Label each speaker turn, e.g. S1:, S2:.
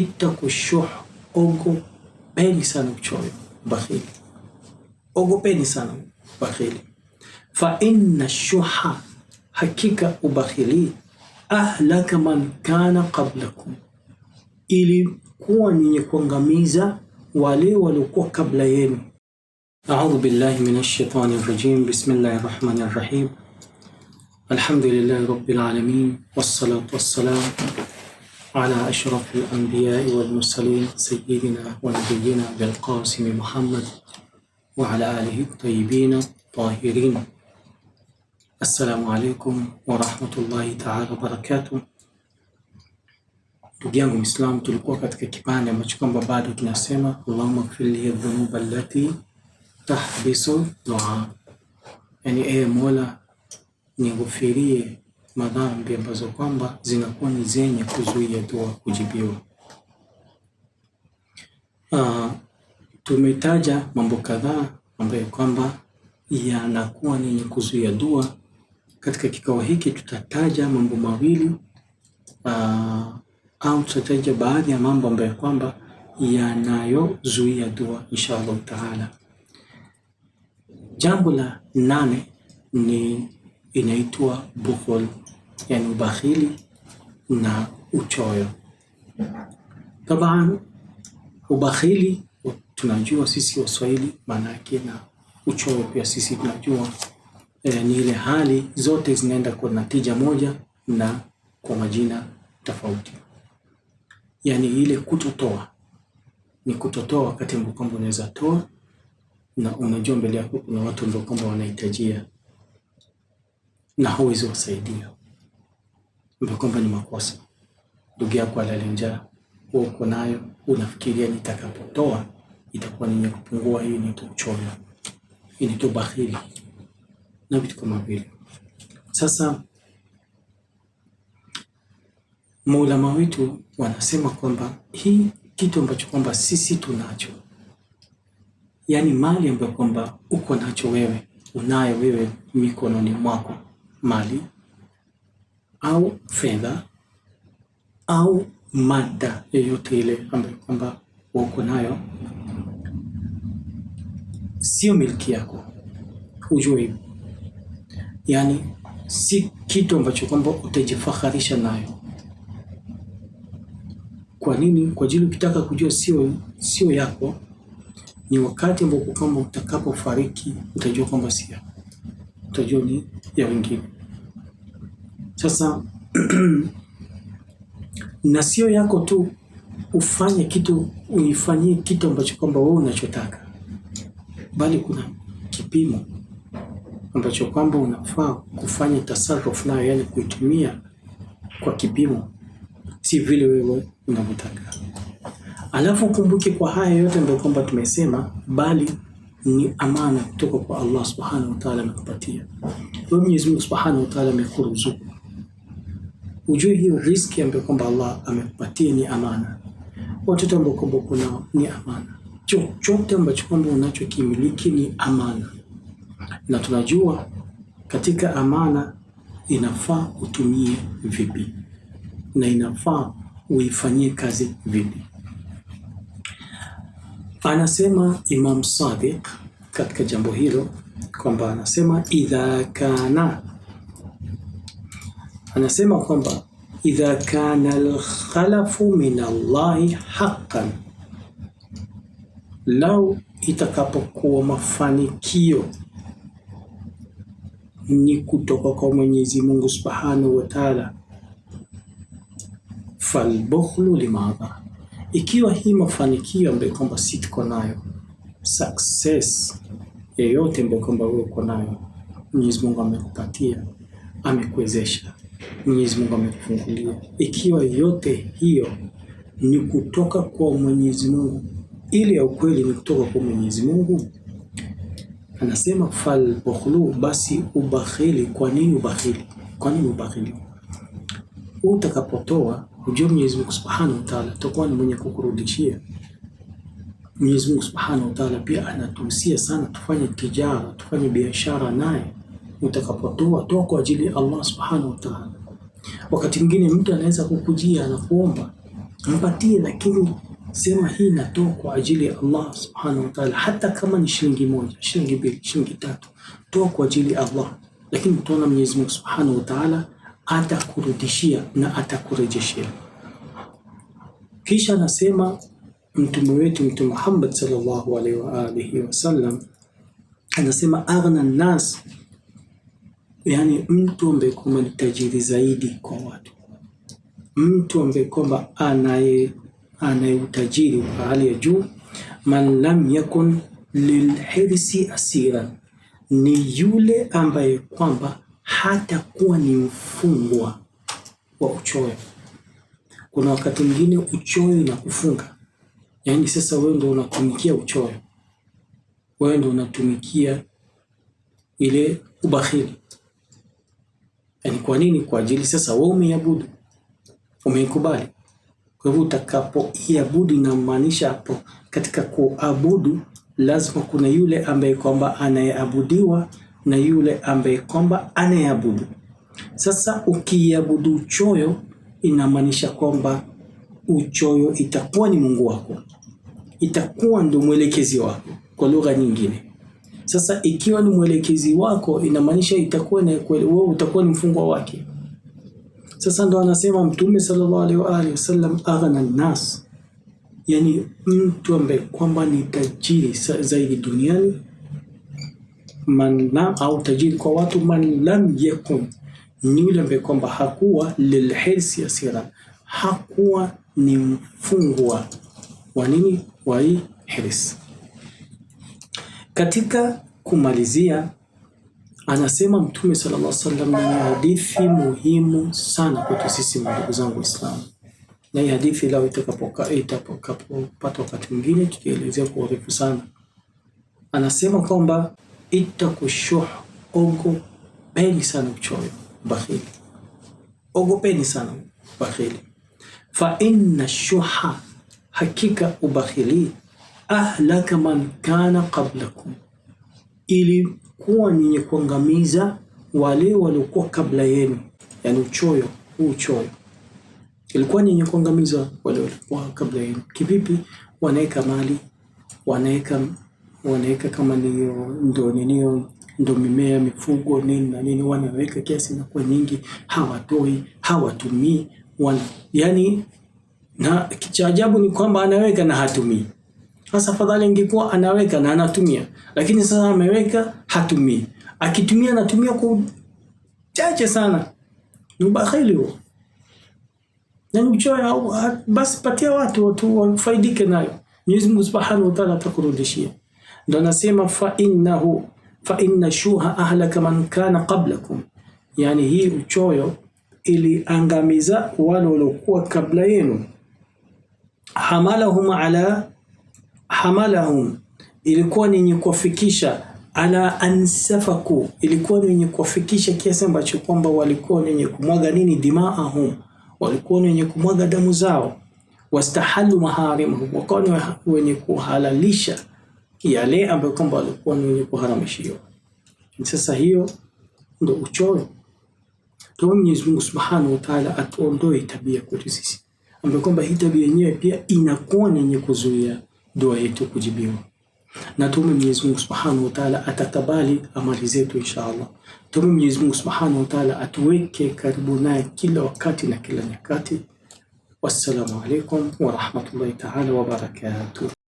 S1: ittaku shuh, ogopeni sana uchoyo, bakhili, ogopeni sana bakhili. Fa inna shuha, hakika ubakhili, ahlaka man kana qablakum, ilikuwa ni kuangamiza wale waliokuwa kabla yenu.
S2: A'udhu billahi minash shaitani rrajim. Bismillahir rahmanir rahim. Alhamdulillahi rabbil alamin wassalatu wassalamu وعلى أشرف الأنبياء والمرسلين سيدنا ونبينا أبي القاسم محمد وعلى آله الطيبين الطاهرين السلام عليكم ورحمة الله taala wabarakatuh. Ndugu yangu Muislamu, tulikuwa katika kipande ambacho kwamba bado kinasema Allahumma ighfir li dhunuba allati tahbisu dua, yani ee Mola nighufirie madhambi ambazo kwamba zinakuwa ni zenye kuzuia dua kujibiwa. Uh, tumetaja mambo kadhaa ambayo kwamba yanakuwa ni yenye kuzuia dua. Katika kikao hiki tutataja mambo mawili uh, au tutataja baadhi ya mambo ambayo kwamba yanayozuia dua insha allahu taala. Jambo la nane ni inaitwa bukhul, yani ubakhili na uchoyo. Tabaan, ubakhili tunajua sisi Waswahili maana yake, na uchoyo pia sisi tunajua e, ni ile hali zote zinaenda kwa natija moja na kwa majina tofauti, yani ile kutotoa ni kutotoa wakati ambapo unaweza toa na unajua mbele yako kuna watu ambao kwamba wanahitajia na huwezi wasaidia, ndio kwamba ni makosa. Ndugu yako alale njaa, uko nayo, unafikiria nitakapotoa itakuwa ni kupungua. Hii ni tuchoma, hii ni tubahili na vitu kama vile. Sasa maulama wetu wanasema kwamba hii kitu ambacho kwamba sisi tunacho, yaani mali ambayo kwamba uko nacho wewe, unayo wewe mikononi mwako mali au fedha au mada yoyote ile ambayo kwamba wako nayo sio miliki yako, ujue hivyo. Yaani si kitu ambacho kwamba utajifaharisha nayo. Kwa nini? Kwa ajili ukitaka kujua sio sio yako, ni wakati ambao kwamba utakapofariki utajua kwamba si yako, utajua ni ya wengine. Sasa na sio yako tu, ufanye kitu uifanyie kitu ambacho kwamba wewe unachotaka, bali kuna kipimo ambacho kwamba unafaa kufanya tasarufu nayo, yani kuitumia kwa kipimo, si vile wewe unavyotaka. Alafu ukumbuke kwa haya yote ambayo kwamba tumesema, bali ni amana kutoka kwa Allah subhanahu wa ta'ala amekupatia. Kwa Mwenyezi Mungu subhanahu wa ta'ala amekuruzuku, ujue hiyo riski ambayo kwamba Allah amekupatia ni amana, watoto ambao kwamba kunao ni amana, chochote ambacho kwamba unachokimiliki ni amana, na tunajua katika amana inafaa utumie vipi na inafaa uifanyie kazi vipi. Anasema Imam Sadiq katika jambo hilo kwamba anasema idha kana, anasema kwamba idha kana alkhalafu min Allahi haqqan, lau itakapokuwa mafanikio ni kutoka kwa Mwenyezi Mungu Subhanahu wa Ta'ala, falbukhlu limadha ikiwa hii mafanikio ambayo kwamba si tuko nayo success yeyote ambayo kwamba wewe uko nayo, Mwenyezi Mungu amekupatia, amekuwezesha, Mwenyezi Mungu amekufungulia. Ikiwa yote hiyo ni kutoka kwa Mwenyezi Mungu, ile ya ukweli ni kutoka kwa Mwenyezi Mungu, anasema fal bukhlu, basi ubakhili. Kwa nini ubakhili? Kwa nini ubakhili? Utakapotoa Ujue Mwenyezi Mungu Subhanahu wa Ta'ala utakuwa ni mwenye kukurudishia. Mwenyezi Mungu Subhanahu wa Ta'ala pia anatuhusia sana tufanye tijara, tufanye biashara naye. Utakapotoa toa kwa ajili ya Allah Subhanahu wa Ta'ala. Wakati mwingine mtu anaweza kukujia na kuomba mpatie, lakini sema hii natoa kwa ajili ya Allah Subhanahu wa Ta'ala, hata kama ni shilingi moja, shilingi mbili, shilingi tatu, toa kwa ajili ya Allah, lakini tuona Mwenyezi Mungu Subhanahu wa Ta'ala atakurudishia na atakurejeshea. Kisha anasema mtume wetu Mtume Muhammad sallallahu alaihi wa alihi wasallam anasema aghna nnas, yani mtu ambaye kwamba ni tajiri zaidi kwa watu, mtu ambaye kwamba anaye anaye utajiri wa hali ya juu. Man lam yakun lilhirsi asiran, ni yule ambaye kwamba hata kuwa ni mfungwa wa uchoyo. Kuna wakati mwingine uchoyo inakufunga, yaani sasa wewe ndio unatumikia uchoyo, wewe ndio unatumikia ile ubakhili. Yaani kwa nini? Kwa ajili sasa wewe umeiabudu, umeikubali. Kwa hivyo utakapoiabudu, inamaanisha hapo katika kuabudu lazima kuna yule ambaye kwamba anayeabudiwa na yule ambaye kwamba anayeabudu. Sasa ukiabudu uchoyo, inamaanisha kwamba uchoyo itakuwa ni Mungu wako, itakuwa ndo mwelekezi wako kwa lugha nyingine. Sasa ikiwa ni mwelekezi wako, inamaanisha itakuwa na kweli, wewe utakuwa ni mfungwa wake. Sasa ndo anasema Mtume sallallahu alaihi wa alihi wasallam, aghna nnas, yani mtu ambaye kwamba ni tajiri zaidi duniani man lam au tajiri kwa watu man lam yakun ni yule ambaye kwamba hakuwa lilhirsi yasira, hakuwa ni mfungwa wa nini, wa hii Katika kumalizia, anasema Mtume sallallahu alaihi wasallam, ni hadithi muhimu sana kwetu sisi ndugu zangu Waislamu, na hii hadithi lao itakapopata wakati mwingine tukielezea kwa urefu sana. Anasema kwamba ittaku shuh, ogopeni sana uchoyo, bakhili, ogopeni sana bakhili. Fa inna shuha, hakika ubakhili, ahlaka man kana qablakum, ilikuwa nyenye kuangamiza wale waliokuwa kabla yenu. Yani uchoyo huu, uchoyo ilikuwa nyenye kuangamiza wale waliokuwa kabla yenu. Kivipi? Wanaweka mali, wanaweka wanaweka kama ni ndo nini ndo mimea mifugo nini na nini, wanaweka kiasi na kwa nyingi, hawatoi hawatumii wana yani, na cha ajabu ni kwamba anaweka na hatumii. Sasa afadhali ingekuwa anaweka na anatumia, lakini sasa ameweka hatumii, akitumia anatumia kwa chache sana. Ni ubakhili huo na ni Basi patia watu watu wafaidike nayo. Mwenyezi Mungu Subhanahu wa Ta'ala atakurudishia. Ndo nasema fa innahu fa inna shuha ahlaka man kana qablakum, yani hii uchoyo iliangamiza wale waliokuwa kabla yenu. Hamalahum ala hamalahum, ilikuwa ni yenye kuwafikisha ala ansafaku, ilikuwa ni yenye kuwafikisha kiasi ambacho kwamba walikuwa ni wenye kumwaga nini, dimaahum, walikuwa ni wenye kumwaga damu zao, wastahalu maharimhum wakawa ni wenye kuhalalisha yale ambayo kwamba walikuwa ni wenye kuharamishiwa. Sasa hiyo ndio uchoyo. Tuombe Mwenyezi Mungu Subhanahu wa Ta'ala atuondoe tabia kwetu sisi, ambayo kwamba hii tabia yenyewe pia inakuwa ni yenye kuzuia dua yetu kujibiwa, na tume Mwenyezi Mungu Subhanahu wa Ta'ala atakubali amali zetu inshallah. Tuombe Mwenyezi Mungu Subhanahu wa Ta'ala atuweke karibu naye kila wakati na kila nyakati. Wassalamu alaikum wa rahmatullahi ta'ala wa barakatuh.